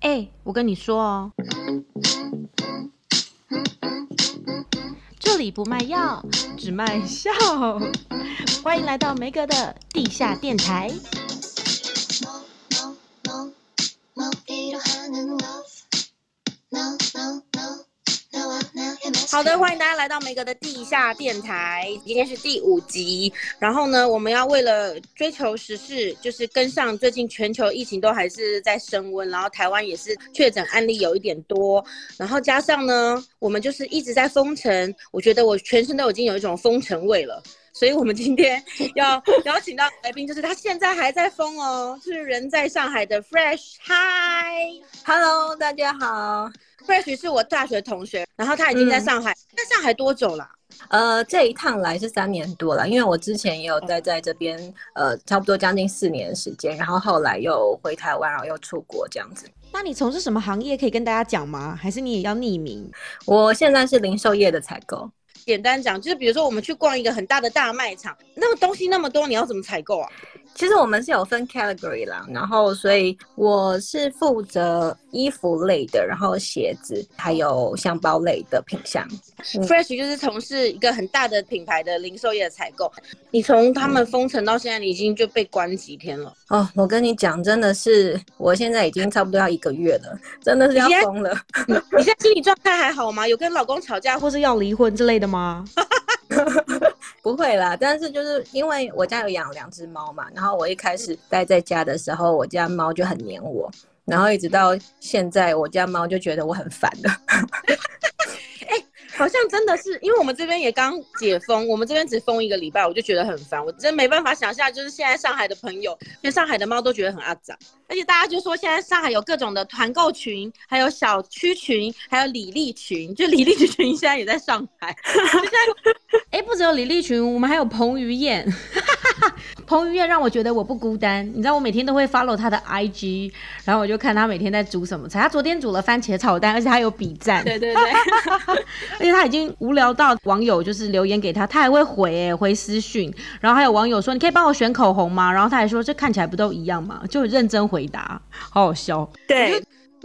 哎、欸，我跟你說哦，這裡不賣藥，只賣笑。歡迎來到梅格的地下電臺。好的，歡迎大家來到梅格的地下電台，今天是第五集。然後呢，我們要為了追求時事，就是跟上最近全球疫情都還是在升溫，然後台灣也是確診案例有一點多，然後加上呢，我們就是一直在封城，我覺得我全身都已經有一種封城味了。所以，我們今天要邀請到來賓，就是他現在還在封哦，是人在上海的 Fresh。Hi，Hello，大家好。Fresh 是我大學同學，然後他已經在上海，在、嗯、上海多久了、啊？呃，這一趟來是三年多了，因為我之前也有待在這邊，Okay. 呃，差不多將近四年的時間，然後後來又回台灣，然後又出國這樣子。那你從事什麼行業？可以跟大家講嗎？還是你也要匿名？我現在是零售業的採購。簡單講，就是比如說，我們去逛一個很大的大賣場，那麼東西那麼多，你要怎麼採購啊？其實我們是有分 category 啦，然後所以我是負責衣服類的，然後鞋子還有箱包類的品項。是 Fresh 就是從事一個很大的品牌的零售業的採購。你從他們封城到現在，你已經就被關幾天了？哦、嗯，oh, 我跟你講，真的是我現在已經差不多要一個月了，真的是要瘋了。Yeah. 你現在心理狀態還好嗎？有跟老公吵架或是要離婚之類的嗎？ 不會啦，但是就是因為我家有養兩隻貓嘛，然後我一開始待在家的時候，我家貓就很黏我，然後一直到現在，我家貓就覺得我很煩了。 欸好像真的是，因為我們這邊也剛解封，我們這邊只封一個禮拜，我就覺得很煩，我真沒辦法想象，就是現在上海的朋友，連上海的貓都覺得很骯髒，而且大家就說現在上海有各種的團購群，還有小區群，還有李立群，就李立群現在也在上海， 現在，哎，不只有李立群，我們還有彭於晏。 哈，彭於晏讓我覺得我不孤單，你知道我每天都會 follow 他的 IG，然後我就看他每天在煮什麼菜。他昨天煮了番茄炒蛋，而且他有比贊。對對對，而且他已經無聊到網友就是留言給他，他還會回、欸、回私訊。然後還有網友說，你可以幫我選口紅嗎？然後他還說，這看起來不都一樣嗎？就認真回答，好好笑。對。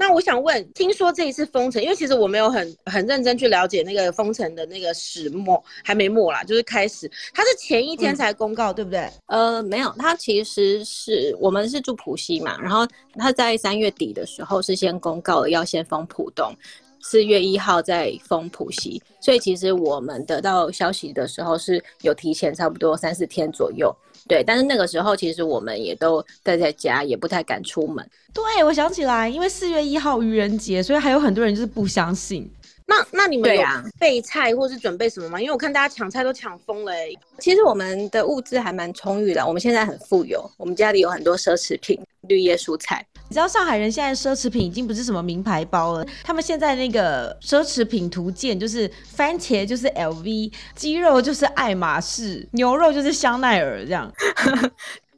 那我想問，聽說這一次封城，因為其實我沒有很很認真去了解那個封城的那個始末，還沒末啦，就是開始，它是前一天才公告，嗯、對不對？呃，沒有，它其實是我們是住浦西嘛，然後他在三月底的時候是先公告了要先封浦東，四月一號再封浦西，所以其實我們得到消息的時候是有提前差不多三四天左右。對，但是那個時候其實我們也都待在,在家，也不太敢出門。對，我想起來，因為四月一號愚人節，所以還有很多人就是不相信。那那你們有備菜或是準備什麼嗎？因為我看大家搶菜都搶瘋了，欸。其實我們的物資還蠻充裕的，我們現在很富有，我們家裡有很多奢侈品，綠葉蔬菜。你知道上海人現在奢侈品已經不是什麼名牌包了，他們現在那個奢侈品圖鑑就是番茄就是 LV，雞肉就是愛馬仕，牛肉就是香奈兒這樣。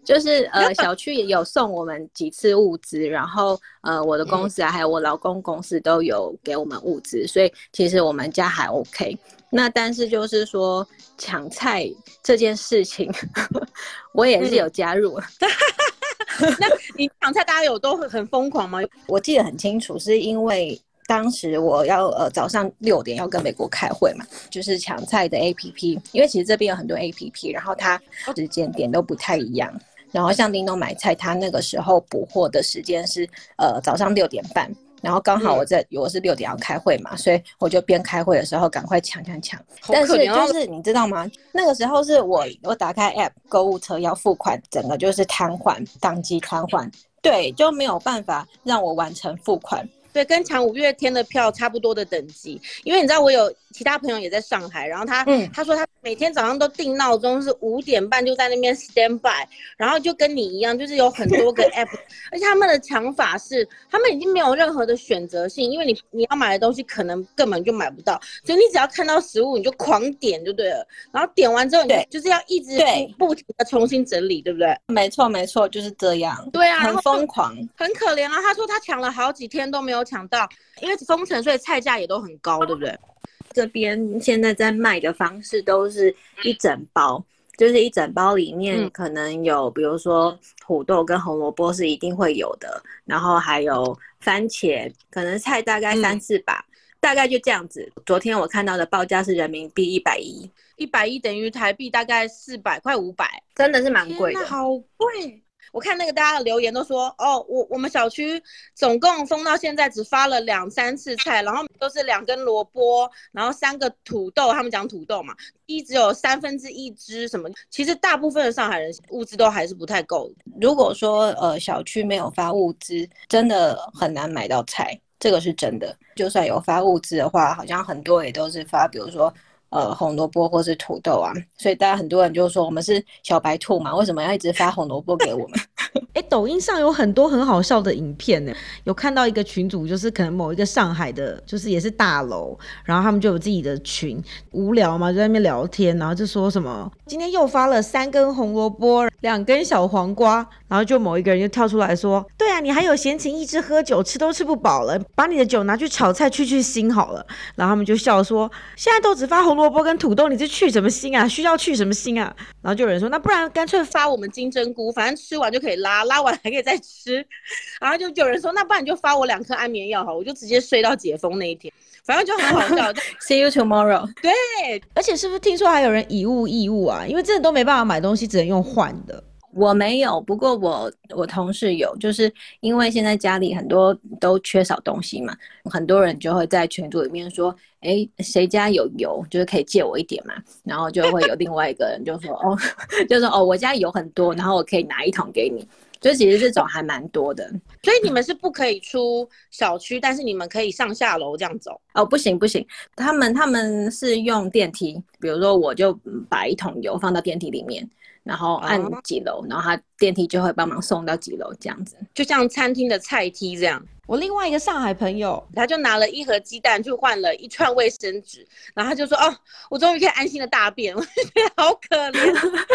就是呃，小區也有送我們幾次物資， 然後呃，我的公司啊，還有我老公公司都有給我們物資，嗯、所以其實我們家還 OK。那但是就是說搶菜這件事情， 我也是有加入。嗯 那你搶菜大家有都很瘋狂嗎？ 我記得很清楚，是因為當時我要呃早上六點要跟美國開會嘛，就是搶菜的 APP，因為其實這邊有很多 APP，然後它時間點都不太一樣。然後像叮咚買菜，它那個時候補貨的時間是呃早上六點半。然後剛好我在，我是六點要開會嘛，所以我就邊開會的時候趕快搶搶搶。但是就是你知道嗎？那個時候是我我打開 APP 購物車要付款，整個就是癱瘓，當機癱瘓，對，就沒有辦法讓我完成付款。對，跟搶五月天的票差不多的等級，因為你知道我有其他朋友也在上海，然後他，嗯、他說他每天早上都定鬧鐘是五點半就在那邊 stand by，然後就跟你一樣，就是有很多個 app， 而且他們的搶法是他們已經沒有任何的選擇性，因為你你要買的東西可能根本就買不到，所以你只要看到食物你就狂點就對了，然後點完之後，對，就是要一直不停的重新整理，對不對？沒錯沒錯，就是這樣。對啊，很瘋狂很，很可憐啊。他說他搶了好幾天都沒有。搶到，因為封城，所以菜價也都很高，對不對？這邊現在在賣的方式都是一整包，嗯、就是一整包裡面可能有，嗯、比如說土豆跟紅蘿蔔是一定會有的，然後還有番茄，可能菜大概三、嗯、四把，大概就這樣子。昨天我看到的報價是人民幣一百一，一百一等於台幣大概四百快五百，真的是蠻貴的，好貴。我看那個大家的留言都說，哦，我我們小區總共封到現在只發了兩三次菜，然後都是兩根蘿蔔，然後三個土豆，他們講土豆嘛，一只有三分之一只什麼，其實大部分的上海人物資都還是不太夠。如果說呃小區沒有發物資，真的很難買到菜，這個是真的。就算有發物資的話，好像很多也都是發，比如說。呃，紅蘿蔔或是土豆啊，所以大家很多人就說，我們是小白兔嘛，為什麼要一直發紅蘿蔔給我們？ 哎，抖音上有很多很好笑的影片呢。有看到一個群主，就是可能某一個上海的，就是也是大樓，然後他們就有自己的群，無聊嘛，就在那邊聊天，然後就說什麼今天又發了三根紅蘿蔔，兩根小黃瓜，然後就某一個人就跳出來說，對啊，你還有閒情逸致喝酒，吃都吃不飽了，把你的酒拿去炒菜去去腥好了。然後他們就笑說，現在都只發紅蘿蔔跟土豆，你這去什麼腥啊？需要去什麼腥啊？然後就有人說，那不然乾脆發我們金針菇，反正吃完就可以了拉拉完還可以再吃，然後就有人說，那不然你就發我兩顆安眠藥哈，我就直接睡到解封那一天，反正就很好笑。 就 See you tomorrow。對， 而且是不是聽說還有人以物易物啊？因為真的都沒辦法買東西，只能用換的。我沒有，不過我我同事有，就是因為現在家裡很多都缺少東西嘛，很多人就會在群組裡面說，哎、欸，誰家有油，就是可以借我一點嘛，然後就會有另外一個人就說， 哦，就說哦，我家油很多，然後我可以拿一桶給你，就其實這種還蠻多的。所以你們是不可以出小區，但是你們可以上下樓這樣走？哦，不行不行，他們他們是用電梯，比如說我就把一桶油放到電梯裡面，然後按幾樓，哦、然後他電梯就會幫忙送到幾樓，這樣子就像餐廳的菜梯這樣。我另外一個上海朋友，他就拿了一盒雞蛋去換了一串衛生紙，然後他就說：“哦，我終於可以安心的大便。”我覺得好可憐。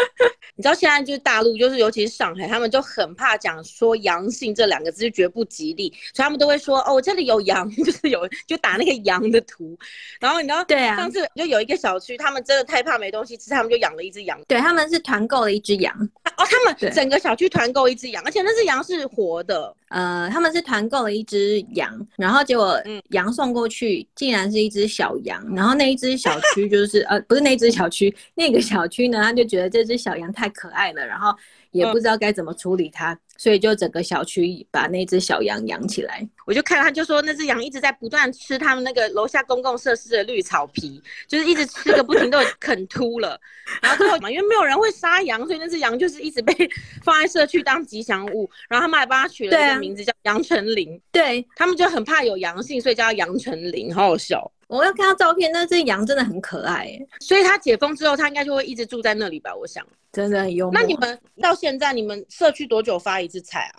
你知道現在就是大陸，就是尤其是上海，他們就很怕講說陽性這兩個字，就絕不吉利，所以他們都會說：“哦，我這裡有羊，就是有就打那個羊的圖。”然後你知道，對啊，上次就有一個小區，他們真的太怕沒東西吃，他們就養了一只羊。對，他們是團購。了一隻羊哦，他們整個小區團購一隻羊，對而且那隻羊是活的。呃，他們是團購了一只羊，然後結果羊送過去，嗯、竟然是一只小羊。然後那一只小區就是 呃，不是那一只小區，那個小區呢，他就覺得這只小羊太可愛了，然後也不知道該怎麼處理它，嗯、所以就整個小區把那只小羊養起來。我就看他就說那只羊一直在不斷吃他們那個樓下公共設施的綠草皮，就是一直吃個不停，都啃禿了。 然後最後因為沒有人會殺羊，所以那只羊就是一直被放在社區當吉祥物。然後他們還幫它取了一個，對啊。名字叫楊成林，對，他們就很怕有陽性，所以叫楊成林，好好笑。我要看他照片，那只羊真的很可愛耶，所以他解封之後，他應該就會一直住在那裡吧？我想，真的很有。那你們到現在，你們社區多久發一次菜啊？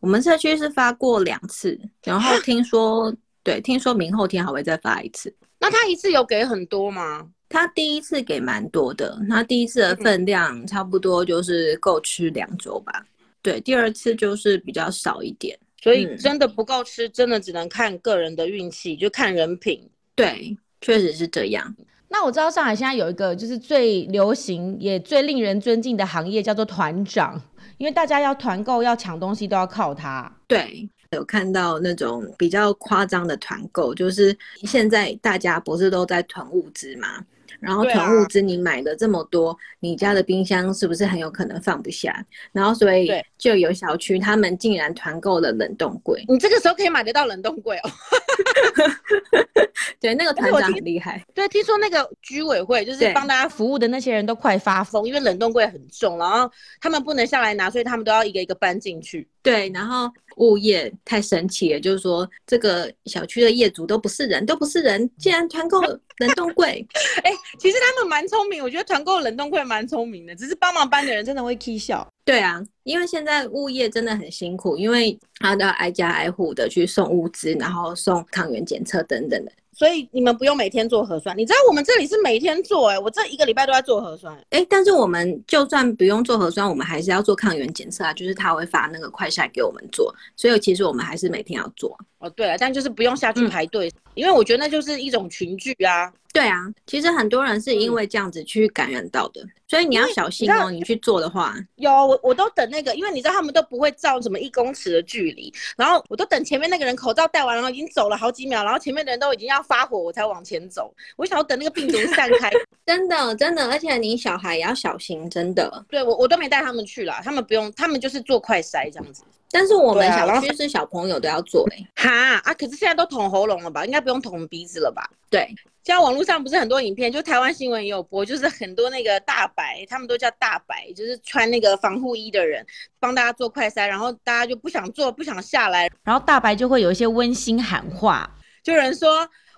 我們社區是發過兩次，然後聽說， 對，聽說明後天還會再發一次。那他一次有給很多嗎？他第一次給蠻多的，那第一次的分量差不多就是夠吃兩週吧。嗯。對，第二次就是比較少一點，所以真的不夠吃，嗯，真的只能看個人的運氣，就看人品。對，確實是這樣。那我知道上海現在有一個就是最流行也最令人尊敬的行業叫做團長，因為大家要團購要搶東西都要靠他。對，有看到那種比較誇張的團購，就是現在大家不是都在囤物資嘛？然後囤物資，你買了這麼多，啊、你家的冰箱是不是很有可能放不下？然後所以就有小區對他們竟然團購了冷凍櫃，你這個時候可以買得到冷凍櫃哦。 對，那個團長很厲害。對，聽說那個居委會就是幫大家服務的那些人都快發瘋，對因為冷凍櫃很重，然後他們不能下來拿，所以他們都要一個一個搬進去。對，然後物業太神奇了，就是說這個小區的業主都不是人，都不是人，竟然團購冷凍櫃。哎、 欸，其實他們蠻聰明，我覺得團購冷凍櫃蠻聰明的，只是幫忙搬的人真的會起笑。對啊，因為現在物業真的很辛苦，因為他都要挨家挨戶的去送物資，然後送抗原檢測等等的。所以你們不用每天做核酸，你知道我們這裡是每天做哎、欸，我這一個禮拜都在做核酸哎、欸，但是我們就算不用做核酸，我們還是要做抗原檢測啊，就是他會發那個快篩給我們做，所以其實我們還是每天要做哦，對了，但就是不用下去排隊，嗯、因為我覺得那就是一種群聚啊。對啊，其實很多人是因為這樣子去感染到的，嗯、所以你要小心哦、喔。你，你去做的話，有我我都等那個，因為你知道他們都不會照什麼一公尺的距離，然後我都等前面那個人口罩戴完了，然後已經走了好幾秒，然後前面的人都已經要發火，我才往前走。我想要等那個病毒散開， 真的真的，而且你小孩也要小心，真的。對，我我都沒帶他們去了，他們不用，他們就是做快篩這樣子。但是我們小區是小朋友都要做哎、欸，啊哈啊！可是現在都捅喉嚨了吧？應該不用捅鼻子了吧？對，現在網絡上不是很多影片，就台灣新聞也有播，就是很多那個大白，他們都叫大白，就是穿那個防護衣的人，幫大家做快篩，然後大家就不想做，不想下來，然後大白就會有一些溫馨喊話，就有人說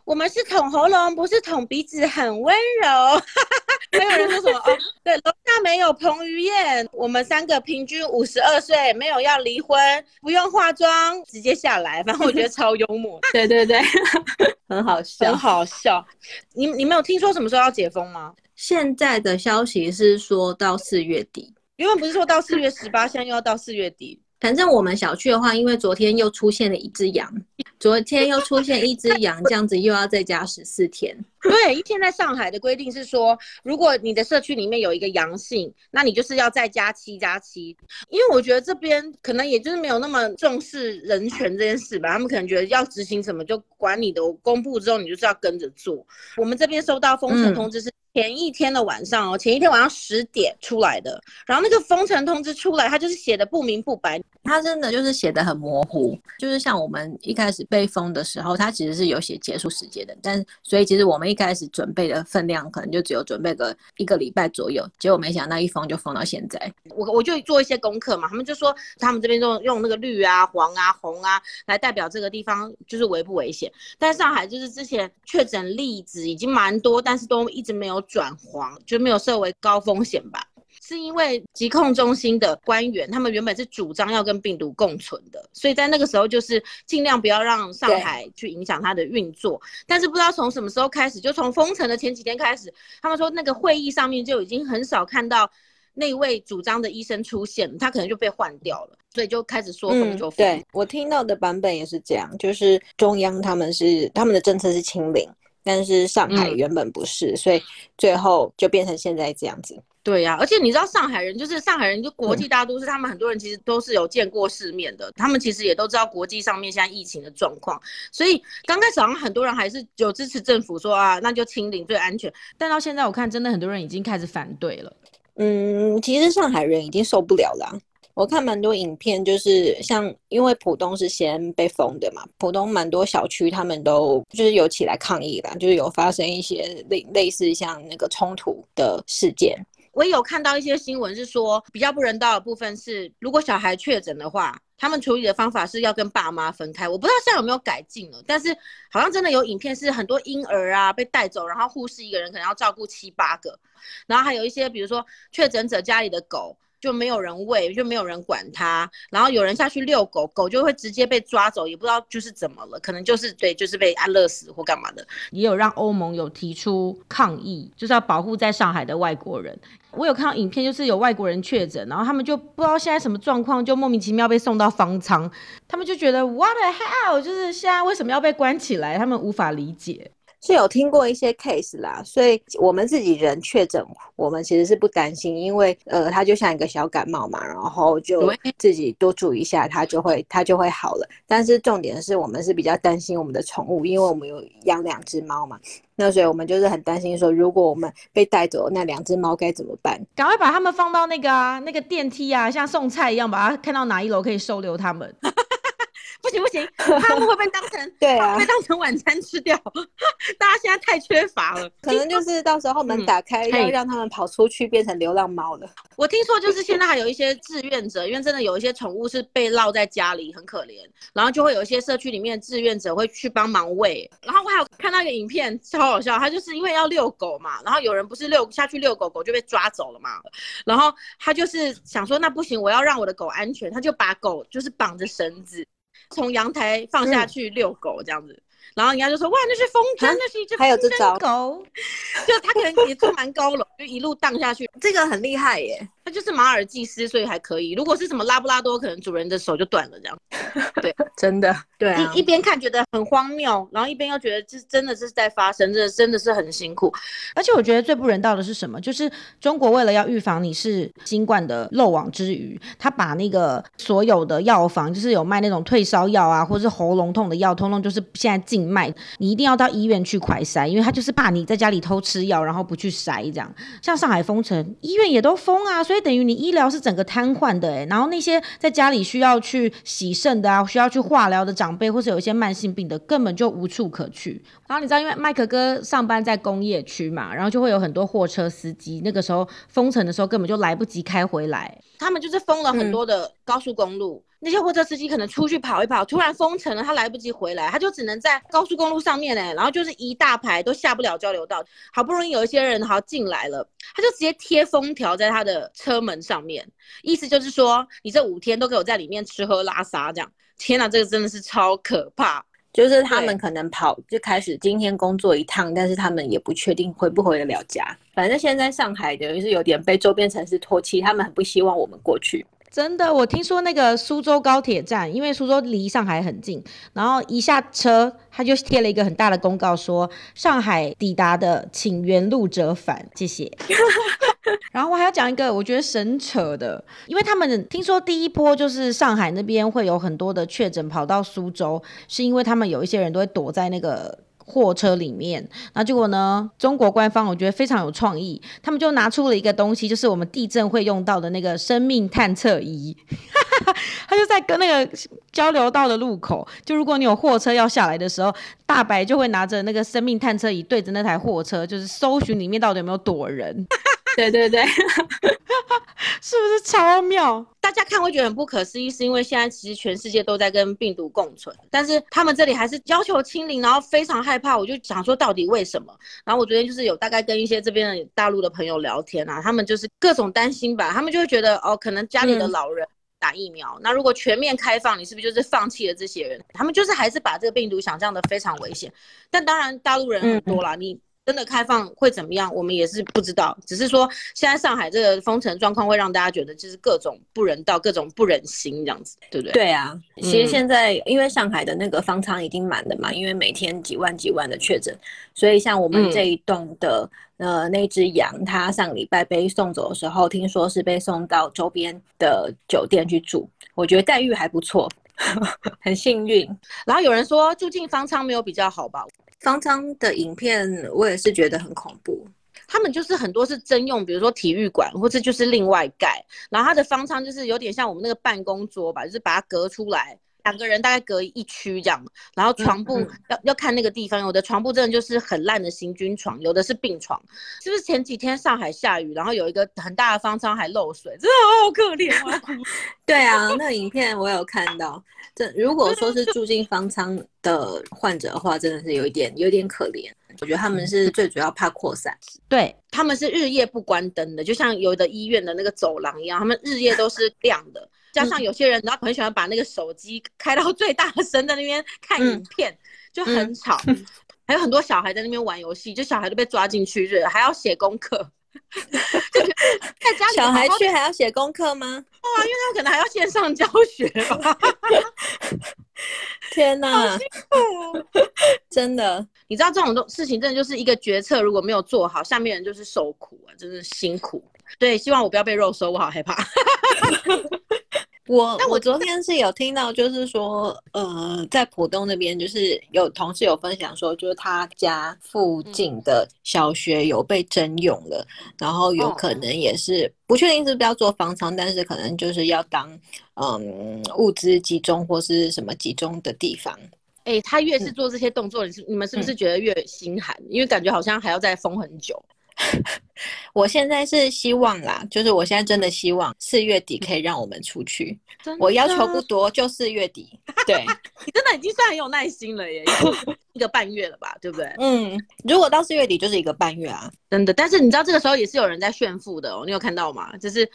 我們是捅喉嚨，不是捅鼻子，很溫柔。哈哈。 沒有人說什麼哦，對，樓下沒有彭於晏，我們三個平均五十二歲，沒有要離婚，不用化妝直接下來，反正我覺得超幽默。 對對對， 很好笑，很好笑。你你你沒有聽說什麼時候要解封嗎？現在的消息是說到四月底， 原本不是說到四月十八，現在又要到四月底。反正我們小區的話，因為昨天又出現了一只羊，昨天又出現一只羊， 這樣子又要再加十四天。對，現在在上海的規定是說，如果你的社區裡面有一個陽性，那你就是要再加七加七。因為我覺得這邊可能也就是沒有那麼重視人權這件事吧，他們可能覺得要執行什麼就管理的，公布之後你就是要跟着做。我們這邊收到封城通知是、嗯。前一天的晚上哦，前一天晚上十點出來的，然後那個封城通知出來，他就是寫的不明不白，他真的就是寫的很模糊，就是像我們一開始被封的時候，他其實是有寫結束時間的，但所以其實我們一開始準備的分量可能就只有準備個一個禮拜左右，結果沒想到一封就封到現在，我我就做一些功課嘛，他們就說他們這邊用用那個綠啊、黃啊、紅啊來代表這個地方就是危不危險，但上海就是之前確診例子已經蠻多，但是都一直沒有。轉黃就沒有設為高風險吧，是因為疾控中心的官員他們原本是主張要跟病毒共存的，所以在那個時候就是盡量不要讓上海去影響它的運作。對但是不知道從什麼時候開始，就從封城的前幾天開始，他們說那個會議上面就已經很少看到那位主張的醫生出現了，他可能就被換掉了，所以就開始說封就封，嗯。對，我聽到的版本也是這樣，就是中央他們是他們的政策是清零。但是上海原本不是，嗯、所以最後就變成現在這樣子。對呀、啊，而且你知道上海人，就是上海人，就國際大都市，嗯、他們很多人其實都是有見過世面的，他們其實也都知道國際上面現在疫情的狀況。所以剛開始好像很多人還是有支持政府說啊，那就清零最安全。但到現在我看，真的很多人已經開始反對了。嗯，其實上海人已經受不了了。我看蠻多影片，就是像因為浦東是先被封的嘛，浦東蠻多小區他們都就是有起來抗議啦，就是有發生一些類類似像那個衝突的事件。我也有看到一些新聞是說，比較不人道的部分是，如果小孩確診的話，他們處理的方法是要跟爸媽分開。我不知道現在有沒有改進了，但是好像真的有影片，是很多嬰兒啊被帶走，然後護士一個人可能要照顧七八個，然後還有一些比如說確診者家裡的狗，就沒有人餵，就沒有人管它。然後有人下去遛狗，狗就會直接被抓走，也不知道就是怎麼了，可能就是對，就是被安樂死或幹嘛的。也有讓歐盟有提出抗議，就是要保護在上海的外國人。我有看到影片，就是有外國人確診，然後他們就不知道現在什麼狀況，就莫名其妙被送到方艙，他們就覺得 What the hell?，就是現在為什麼要被關起來，他們無法理解。是有聽過一些 case 啦，所以我們自己人確診，我們其實是不擔心，因為呃，它就像一個小感冒嘛，然後就自己多注意一下，它就會它就會好了。但是重點是我們是比較擔心我們的寵物，因為我們有養兩隻貓嘛，那所以我們就是很擔心說，如果我們被帶走，那兩隻貓該怎麼辦？趕快把它們放到那個啊，那個電梯啊，像送菜一樣，把它看到哪一樓可以收留它們。 不行不行，他們會被當成對啊，被當成晚餐吃掉。大家現在太缺乏了，可能就是到時候門打開，嗯、要讓他們跑出去變成流浪貓了。 我聽說就是現在還有一些志願者，因為真的有一些寵物是被落在家裡，很可憐，然後就會有一些社區裡面的志願者會去幫忙餵。然後我還有看到一個影片，超好笑，他就是因為要遛狗嘛，然後有人不是遛下去遛狗狗就被抓走了嘛，然後他就是想說那不行，我要讓我的狗安全，他就把狗就是綁着繩子。從陽台放下去遛狗這樣子，嗯、然後人家就說：“哇，那是風箏，啊、那是一隻風箏狗。”還有這招？ 就他可能也住蠻高樓， 就一路盪下去，這個很厲害耶。就是馬爾濟斯，所以還可以。如果是什麼拉布拉多，可能主人的手就斷了這樣。對， 真的。對，一一邊看覺得很荒謬，然後一邊又覺得這真的是在發生，這真的是很辛苦。而且我覺得最不人道的是什麼？就是中國為了要預防你是新冠的漏網之魚，他把那個所有的藥房，就是有賣那種退燒藥啊，或者是喉嚨痛的藥，通通就是現在禁賣，你一定要到醫院去快篩，因為他就是怕你在家裡偷吃藥，然後不去篩。這樣。像上海封城，醫院也都封啊，所以。等於你醫療是整個癱瘓的哎、欸，然後那些在家裡需要去洗腎的啊，需要去化療的長輩，或者有一些慢性病的，根本就無處可去。然後你知道，因為麥克哥上班在工業區嘛，然後就會有很多貨車司機，那個時候封城的時候根本就來不及開回來，他們就是封了很多的高速公路。嗯那些貨車司機可能出去跑一跑，突然封城了，他來不及回來，他就只能在高速公路上面呢。然後就是一大排都下不了交流道，好不容易有一些人好像進來了，他就直接貼封條在他的車門上面，意思就是說你這五天都給我在裡面吃喝拉撒這樣。天哪，這個真的是超可怕！對就是他們可能跑就開始今天工作一趟，但是他們也不確定回不回得了家。反正現在上海等於是有點被周邊城市唾棄，他們很不希望我們過去。真的，我聽說那個蘇州高鐵站，因為蘇州離上海很近，然後一下車他就貼了一個很大的公告，說上海抵達的請原路折返，謝謝。 然後我還要講一個我覺得神扯的，因為他們聽說第一波就是上海那邊會有很多的確診跑到蘇州，是因為他們有一些人都會躲在那個。貨車裡面，然後結果呢，中國官方我覺得非常有創意，他們就拿出了一個東西，就是我們地震會用到的那個生命探測儀。 他就在跟那個交流道的路口，就如果你有貨車要下來的時候，大白就會拿着那個生命探測儀對着那台貨車，就是搜尋裡面到底有沒有躲人。 對對對， 是不是超妙？大家看我覺得很不可思議，是因為現在其實全世界都在跟病毒共存，但是他們這裡還是要求清零，然後非常害怕。我就想說，到底為什麼？然後我昨天就是有大概跟一些這邊的大陸的朋友聊天啊，他們就是各種擔心吧，他們就會覺得哦，可能家裡的老人打疫苗，嗯、那如果全面開放，你是不是就是放棄了這些人？他們就是還是把這個病毒想象得非常危險。但當然，大陸人很多啦，嗯、你。真的開放會怎麼樣？我們也是不知道，只是說現在上海這個封城狀況會讓大家覺得就是各種不人道、各種不忍心這樣子，對不對？對啊，嗯、其實現在因為上海的那個方艙已經滿了嘛，因為每天幾萬幾萬的確診，所以像我們這一棟的、嗯、呃那隻羊，它上禮拜被送走的時候，聽說是被送到周邊的酒店去住，我覺得待遇還不錯， 很幸運運。然後有人說住進方艙沒有比較好吧？方艙的影片，我也是覺得很恐怖。他們就是很多是徵用，比如說體育館，或者就是另外蓋。然後他的方艙就是有點像我們那個辦公桌吧，就是把它隔出來。兩個人大概隔一區這樣，然後床鋪、嗯嗯、要要看那個地方，有的床鋪真的就是很爛的行軍床，有的是病床。是不是前幾天上海下雨，然後有一個很大的方艙還漏水，真的好，好可憐啊！ 對啊，那個、影片我有看到， 這如果說是住進方艙的患者的話，真的是有一點有一點可憐。我覺得他們是最主要怕擴散，對，他們是日夜不關燈的，就像有的醫院的那個走廊一樣，他們日夜都是亮的。 加上有些人你很喜歡把那個手機開到最大聲，在那邊看影片，嗯、就很吵，嗯、還有很多小孩在那邊玩遊戲，就小孩都被抓進去日了，還要寫功課。看家小孩去還要寫功課嗎？哦啊？因為他可能還要線上教學。 天哪，啊，啊、 真的，你知道這種東事情真的就是一個決策，如果沒有做好，下面人就是受苦啊，真的辛苦。對，希望我不要被肉搜，我好害怕。 我那我，我昨天是有聽到，就是說，呃，在浦東那邊，就是有同事有分享說，就是他家附近的小學有被徵用了，嗯、然後有可能也是不確定是不是要做方艙，嗯、但是可能就是要當嗯物資集中或是什麼集中的地方。誒、欸，他越是做這些動作，你是、嗯、你們是不是覺得越心寒？嗯、因為感覺好像還要再封很久。 我現在是希望啦，就是我現在真的希望四月底可以讓我們出去。真的？我要求不多，就四月底。對， 你真的已經算很有耐心了耶，一個半月了吧， 對不對？嗯，如果到四月底就是一個半月啊，真的。但是你知道這個時候也是有人在炫富的哦，你有看到嗎？就是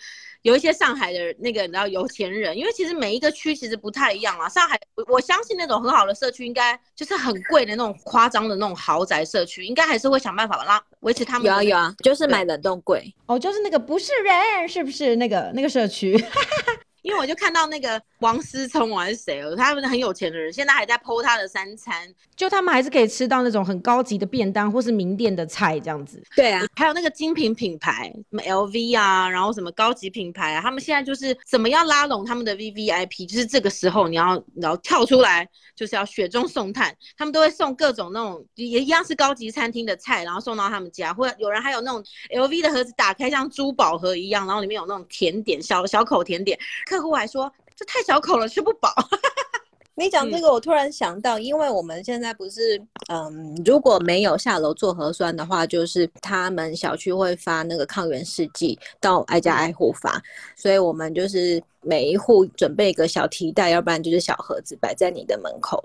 有一些上海的那個你知道有錢人，因為其實每一個區其實不太一樣啊。上海，我相信那種很好的社區應該就是很貴的那種誇張的那種豪宅社區，應該還是會想辦法讓。維持他們有啊有啊，對 就是買冷凍櫃哦，就是那個不是人是不是那個那個社區，哈哈哈。因為我就看到那個王思聰我還是誰哦，他們是很有錢的人，現在還在 po 他的三餐，就他們還是可以吃到那種很高級的便當或是名店的菜這樣子。對啊，還有那個精品品牌什麼 LV 啊，然後什麼高級品牌啊，他們現在就是怎麼樣拉攏他們的 VVIP，就是這個時候你要你要跳出來，就是要雪中送炭，他們都會送各種那種也一樣是高級餐廳的菜，然後送到他們家，或者有人還有那種 LV 的盒子打開像珠寶盒一樣，然後裡面有那種甜點小小口甜點。客戶還說這太小口了，吃不飽。 你講這個，我突然想到，嗯、因為我們現在不是，嗯，如果沒有下樓做核酸的話，就是他們小區會發那個抗原試劑到挨家挨戶發，所以我們就是每一戶準備一個小提袋，要不然就是小盒子擺在你的門口。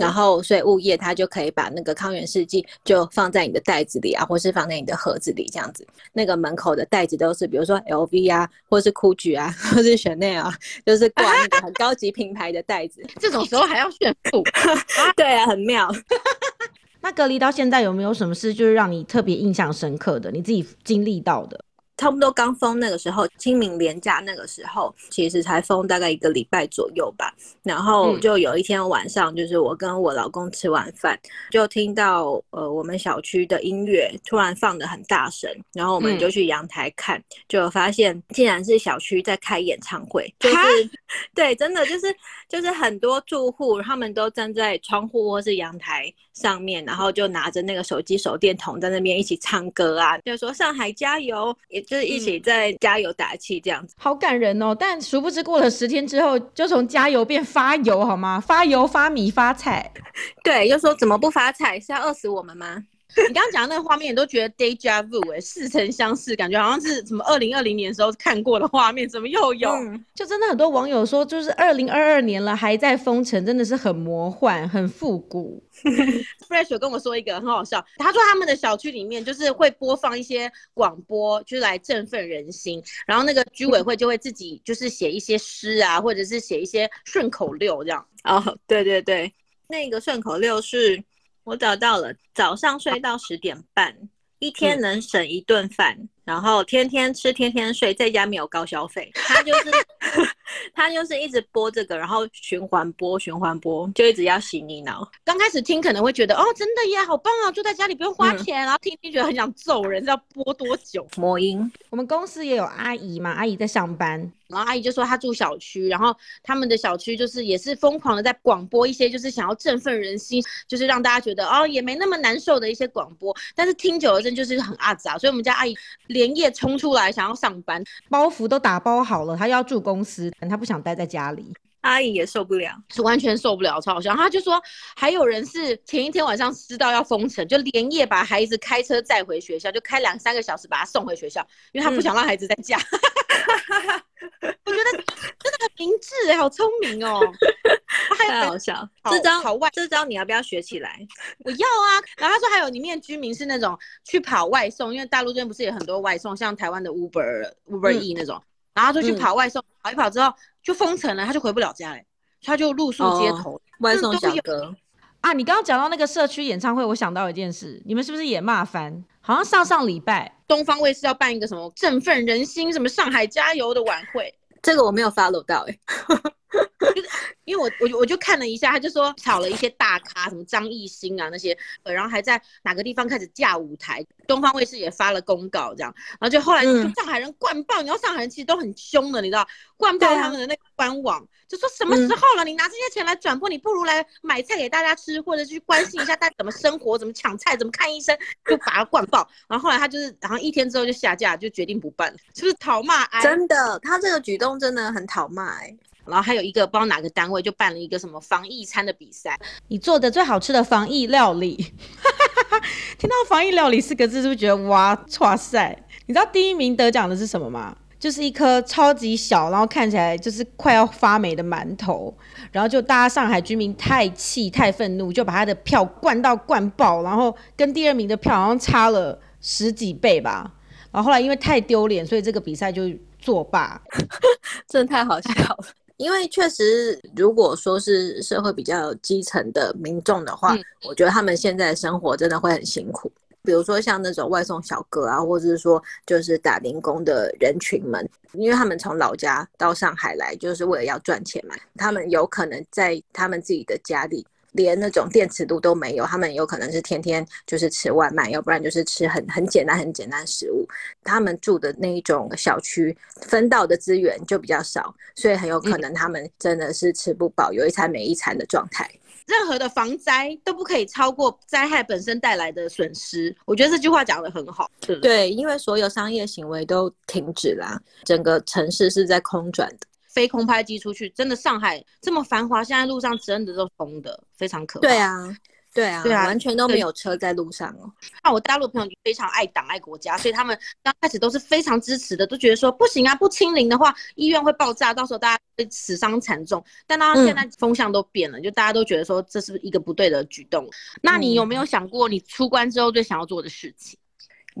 然後，所以物業他就可以把那個抗原試劑就放在你的袋子裡啊，或是放在你的盒子裡這樣子。那個門口的袋子都是，比如說 LV 啊，或是 GUCCI 啊，或是 Chanel 啊，就是掛那個很高級品牌的袋子。啊，這種時候還要炫富， 對啊，很妙。 那隔離到現在有沒有什麼事就是讓你特別印象深刻的，你自己經歷到的？差不多剛封那個時候，清明連假那個時候，其實才封大概一個禮拜左右吧。然後就有一天晚上，嗯、就是我跟我老公吃完飯，就聽到呃我們小區的音樂突然放得很大聲，然後我們就去陽台看，嗯、就發現竟然是小區在開演唱會。就是蛤 對，真的就是就是很多住戶他們都站在窗戶或是陽台上面，然後就拿着那個手機手電筒在那邊一起唱歌啊，就說上海加油！就是一起在加油打氣這樣子、嗯，好感人哦。但殊不知，過了十天之後，就從加油變發油，好嗎？發油發米發菜，對，又說怎麼不發菜？是要餓死我們嗎？ 你剛剛講的那個畫面，你都覺得 deja vu 哎、欸，似曾相識，感覺好像是什麼二零二零年的時候看過的畫面，怎麼又有、嗯？就真的很多網友說，就是二零二二年了，還在封城，真的是很魔幻，很復古。 嗯、Fresh 有跟我說一個很好笑，他說他們的小區裡面就是會播放一些廣播，就是來振奮人心，然後那個居委會就會自己就是寫一些詩啊， 或者是寫一些順口溜這樣。哦，oh, 對,對對對，那個順口溜是。我找到了，早上睡到十點半，啊、一天能省一頓飯，嗯、然後天天吃，天天睡，在家沒有高消費。他就是 他就是一直播這個，然後循環播，循環播，就一直要洗你腦。剛開始聽可能會覺得哦，真的呀，好棒啊、哦，住在家裡不用花錢，嗯、然後聽聽覺得很想揍人，要播多久？魔音，我們公司也有阿姨嘛，阿姨在上班。然後阿姨就說她住小區，然後他們的小區就是也是瘋狂的在廣播一些，就是想要振奮人心，就是讓大家覺得哦，也沒那麼難受的一些廣播。但是聽久了真就是很阿雜，所以我們家阿姨連夜衝出來想要上班，包袱都打包好了，她要住公司，但她不想待在家裡。阿姨也受不了，是完全受不了，超好笑。然後她就說還有人是前一天晚上知道要封城，就連夜把孩子開車載回學校，就開兩三個小時把他送回學校，因為他不想讓孩子在家。哈哈哈哈 我覺得真的很明智哎、欸，好聰明哦、喔！太好笑還還，這招張好外，這招你要不要學起來？ 我要啊！然後他說還有裡面居民是那種去跑外送，因為大陸這邊不是有很多外送，像台灣的 Uber、Uber E 那種，嗯、然後他就去跑外送，嗯、跑一跑之後就封城了，他就回不了家哎，他就露宿街頭。哦、有外送小哥啊！你剛剛講到那個社區演唱會，我想到一件事，你們是不是也罵翻？好像上上禮拜，東方衛視要辦一個什麼振奮人心、什麼上海加油的晚會， 這個我沒有 follow 到，哎。我我就我就看了一下，他就說炒了一些大咖，什麼張藝興啊那些，呃，然後還在哪個地方開始架舞台，東方衛視也發了公告這樣，然後就後來就上海人灌爆，嗯、你知道上海人其實都很凶的，你知道灌爆他們的那個官網，啊、就說什麼時候了，嗯、你拿這些錢來轉播，你不如來買菜給大家吃，或者去關心一下大家怎麼生活， 怎麼搶菜，怎麼看醫生，就把他灌爆，然後後來他就是，然後一天之後就下架，就決定不辦，就是討罵，真的，他這個舉動真的很討罵、欸。然後還有一個不知道哪個單位就辦了一個什麼防疫餐的比賽，你做的最好吃的防疫料理。 聽到“防疫料理”四個字，是不是覺得哇哇塞？你知道第一名得獎的是什麼嗎？就是一顆超級小，然後看起來就是快要發霉的饅頭。然後就大家上海居民太氣太憤怒，就把他的票灌到灌爆，然後跟第二名的票好像差了十幾倍吧。然後後來因為太丟臉，所以這個比賽就作罷。 真的太好笑了。因為確實，如果說是社會比較基層的民眾的話，嗯，我覺得他們現在生活真的會很辛苦。比如說像那種外送小哥啊，或者是說就是打零工的人群們，因為他們從老家到上海來，就是為了要賺錢嘛。他們有可能在他們自己的家裡。連那種電磁爐都沒有，他們有可能是天天就是吃外賣，要不然就是吃很很簡單、很簡單、很簡單食物。他們住的那一種小區，分到的資源就比較少，所以很有可能他們真的是吃不飽，有、嗯、一餐沒一餐的狀態。任何的防災都不可以超過災害本身帶來的損失，我覺得這句話講得很好。嗯、對，因為所有商業行為都停止了，整個城市是在空轉的。飛空拍機出去，真的上海這麼繁華，現在路上真的都封的，非常可怕。對啊，對啊，對啊，完全都沒有車在路上哦。那我大陸朋友就非常愛黨愛國家，所以他們剛開始都是非常支持的，都覺得說不行啊，不清零的話，醫院會爆炸，到時候大家會死傷慘重。但當現在風向都變了，嗯、就大家都覺得說，這是一個不對的舉動。那你有沒有想過，你出關之後最想要做的事情？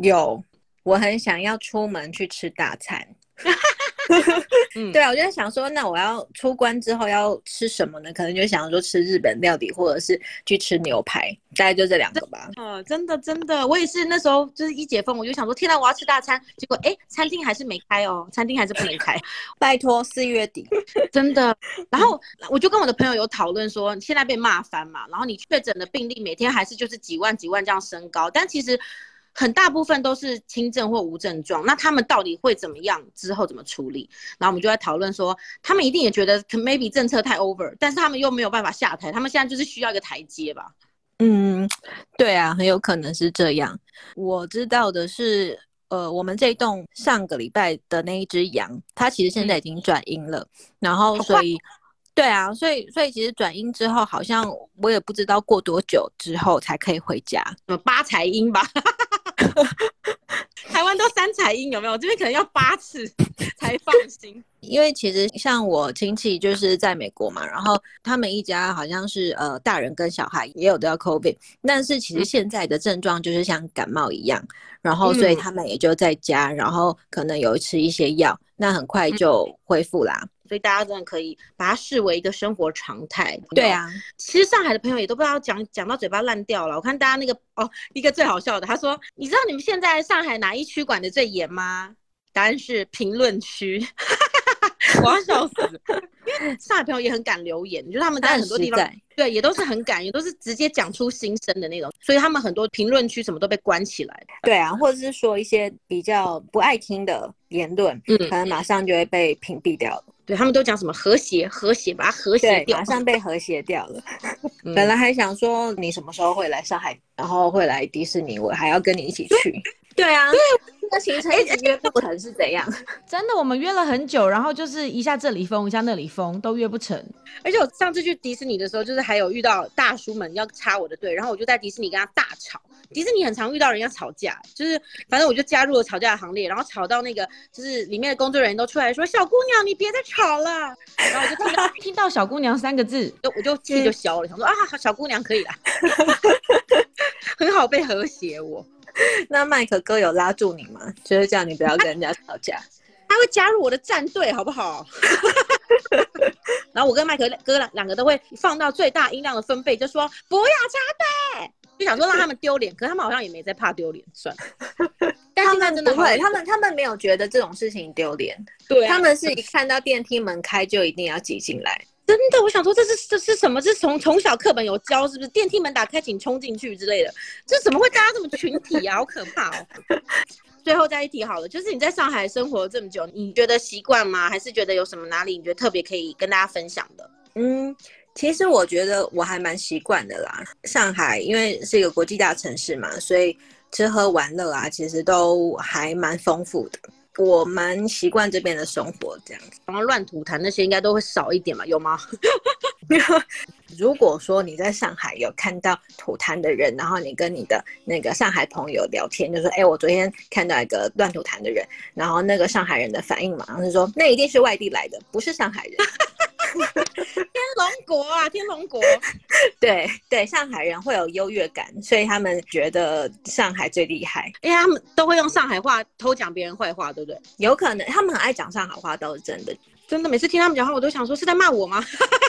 有，我很想要出門去吃大餐。 嗯、對啊，我就在想說，那我要出關之後要吃什麼呢？可能就想說吃日本料理，或者是去吃牛排，大概就這兩個吧。嗯，真的真的，我也是那時候就是一解封，我就想說天吶，我要吃大餐，結果誒，餐廳還是沒開哦，餐廳還是不能開， 拜托四月底， 真的。然後我就跟我的朋友有討論說，你現在被罵翻嘛，然後你確診的病例每天還是就是幾萬幾萬這樣升高，但其實。很大部分都是輕症或無症狀，那他們到底會怎麼樣？之後怎麼處理？然後我們就在討論說，他們一定也覺得可能 maybe 政策太 over，但是他們又沒有辦法下台，他們現在就是需要一個台階吧？嗯，對啊，很有可能是這樣。我知道的是，呃，我們這棟上個禮拜的那一隻羊，它其實現在已經轉陰了，嗯、然後所以，壞對啊，所以所以其實轉陰之後，好像我也不知道過多久之後才可以回家。嗯、八才陰吧。 台灣都三彩音有沒有？這邊可能要八次才放心。因為其實像我親戚就是在美國嘛，然後他們一家好像是呃大人跟小孩也有得要 COVID，但是其實現在的症狀就是像感冒一樣，然後所以他們也就在家，然後可能有吃一些藥，那很快就恢復啦。所以大家真的可以把它視為一個生活常態。對啊，其實上海的朋友也都不知道講講到嘴巴爛掉了。我看大家那個哦，一個最好笑的，他說：“你知道你們現在上海哪一區管得最嚴嗎？”答案是評論區， 我要笑死了。因為 上海朋友也很敢留言，就是他們在很多地方，對也都是很敢，也都是直接講出心聲的那種。所以他們很多評論區什麼都被關起來。對啊，或者是說一些比較不愛聽的言論，嗯，可能馬上就會被屏蔽掉了。對，他們都講什麼和諧，和諧，把它和諧掉，馬上被和諧掉了。 本來還想說你什麼時候會來上海，然後會來迪士尼，我還要跟你一起去。 對啊， 那個行程一直約不成是怎樣？ 真的，我們約了很久，然後就是一下這裡封，一下那裡封，都約不成。而且我上次去迪士尼的時候，就是還有遇到大叔們要插我的隊，然後我就在迪士尼跟他大吵。迪士尼很常遇到人家吵架，就是反正我就加入了吵架行列，然後吵到那個就是裡面的工作人員都出來說：“小姑娘，你別再吵了。”然後我就聽到 聽到“小姑娘”三個字，就我就氣是就消了，想說啊，小姑娘可以啦， 很好被和諧我。 那麥可哥有拉住你嗎？就是叫你不要跟人家吵架，啊、他會加入我的戰隊，好不好？ 然後我跟麥可哥兩兩個都會放到最大音量的分貝，就說不要插隊。就想說讓他們丟臉，就是、可他們好像也沒在怕丟臉，算了。但 他們真的會，他們他們沒有覺得這種事情丟臉，對、啊、他們是一看到電梯門開就一定要擠進來， 真的。我想說這是這是什麼？是從從小課本有教是不是？電梯門打開請衝進去之類的，這怎麼會大家這麼群體啊？好 可怕哦！ 最後再一題好了，就是你在上海生活這麼久，你覺得習慣嗎？還是覺得有什麼哪裡你覺得特別可以跟大家分享的？嗯。其實我覺得我還蠻習慣的啦。上海因為是一個國際大城市嘛，所以吃喝玩樂啊，其實都還蠻豐富的。我蠻習慣這邊的生活這樣子。然後亂吐痰那些應該都會少一點嘛？有嗎？ 如果說你在上海有看到吐痰的人，然後你跟你的那個上海朋友聊天，就說：“哎、欸，我昨天看到一個亂吐痰的人。”然後那個上海人的反應嘛，然後就說：“那一定是外地來的，不是上海人。” 天龍國啊，天龍國。對對，上海人會有優越感，所以他們覺得上海最厲害。因為他們都會用上海話偷講別人壞話，對不對？有可能，他們很愛講上海話，倒是真的。真的，每次聽他們講話，我都想說是在罵我嗎？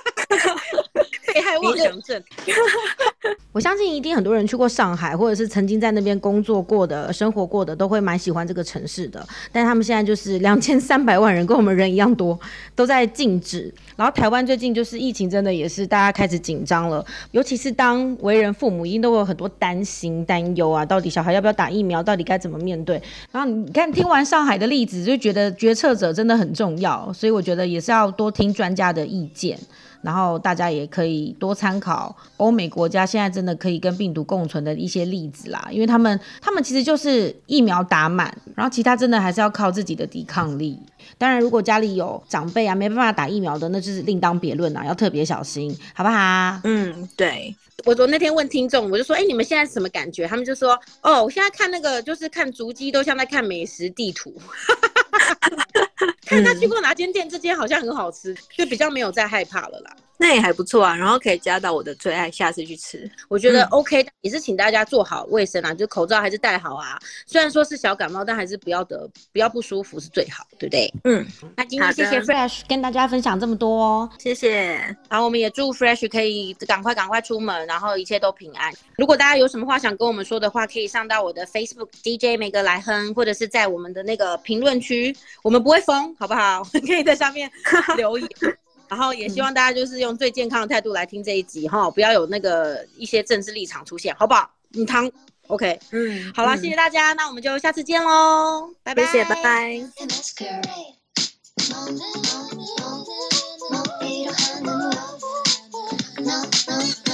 被害妄想症。你 我相信一定很多人去過上海，或者是曾經在那邊工作過的、生活過的，都會蠻喜歡這個城市的。但是他們現在就是兩千三百萬人，跟我們人一樣多，都在靜止。然後台灣最近就是疫情，真的也是大家開始緊張了。尤其是當為人父母，一定都會有很多擔心、擔憂啊，到底小孩要不要打疫苗，到底該怎麼面對。然後你看，聽完上海的例子，就覺得決策者真的很重要，所以我覺得也是要多聽專家的意見。然後大家也可以多參考歐美國家現在真的可以跟病毒共存的一些例子啦，因為他們他們其實就是疫苗打滿，然後其他真的還是要靠自己的抵抗力。當然，如果家裡有長輩啊，沒辦法打疫苗的，那就是另當別論啦，啊，要特別小心，好不好？嗯，對。我我那天問聽眾，我就說，哎、欸，你們現在什麼感覺？他們就說，哦，我現在看那個就是看足跡，都像在看美食地圖。 看他去過哪間店，嗯、這間好像很好吃，就比較沒有再害怕了啦。那也還不錯啊，然後可以加到我的最愛，下次去吃。我覺得 OK，、嗯、也是請大家做好衛生啊，就是、口罩還是戴好啊。雖然說是小感冒，但還是不要得，不要不舒服是最好，對不對？嗯，那今天謝謝 Fresh 的跟大家分享這麼多、哦，謝謝。好，我們也祝 Fresh 可以趕快趕快出門，然後一切都平安。如果大家有什麼話想跟我們說的話，可以上到我的 Facebook DJ 梅格來哼，或者是在我們的那個評論區，我們不會封，好不好？ 可以在上面留言。 然後也希望大家就是用最健康的態度來聽這一集、嗯、哈，不要有那個一些政治立場出現，好不好？你糖，OK，嗯，好了，謝謝大家，那我們就下次見嘍，嗯、拜拜，謝謝姐，拜拜。